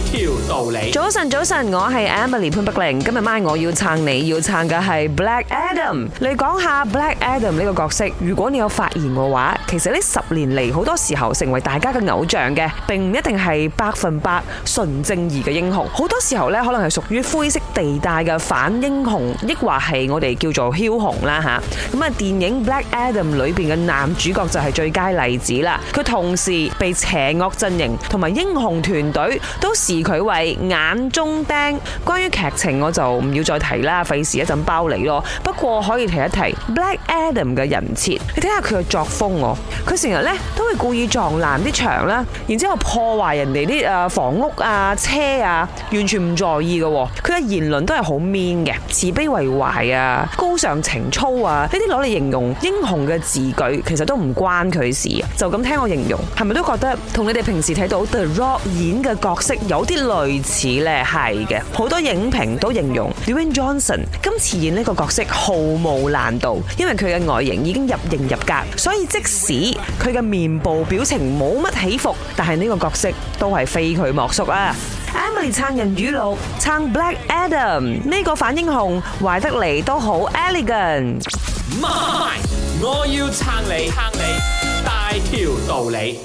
條道理，早晨早晨，我係 Emily 潘碧玲。今日晚上我要撐你要撐嘅係 Black Adam，你講下 Black Adam 呢個角色。如果你有發言嘅話，其實呢十年嚟，好多時候成為大家嘅偶像嘅，並唔一定係百分百純正義嘅英雄。好多時候呢，可能係屬於灰色地帶嘅反英雄，亦或係我哋叫做梟雄啦吓。咁啊，電影 Black Adam 裏邊嘅男主角就係最佳例子啦。佢同時被邪惡陣營同埋英雄團隊都。視佢為眼中釘，關於劇情我就唔要再提啦，費事一陣包你咯。不過可以提一提 Black Adam 嘅人設，你睇下佢嘅作風喎。佢成日呢都會故意撞爛啲牆啦，然之後破壞人哋啲誒房屋啊、車啊，完全唔在意嘅。佢嘅言論都係好 mean 嘅，慈悲為懷啊，高尚情操啊，呢啲攞嚟形容英雄嘅字句，其實都唔關佢事啊。就咁聽我形容，係咪都覺得同你哋平時睇到 The Rock 演嘅角色有啲類似咧，係嘅，好多影評都形容 Dwayne Johnson 今次演呢個角色毫無難度，因為佢嘅外形已經入型入格，所以即使佢嘅面部表情冇乜起伏，但係呢個角色都係非佢莫屬啊！Emily 撐人語錄撐 Black Adam 呢個反英雄壞得嚟都好 elegant，我要撐你撐你大條道理。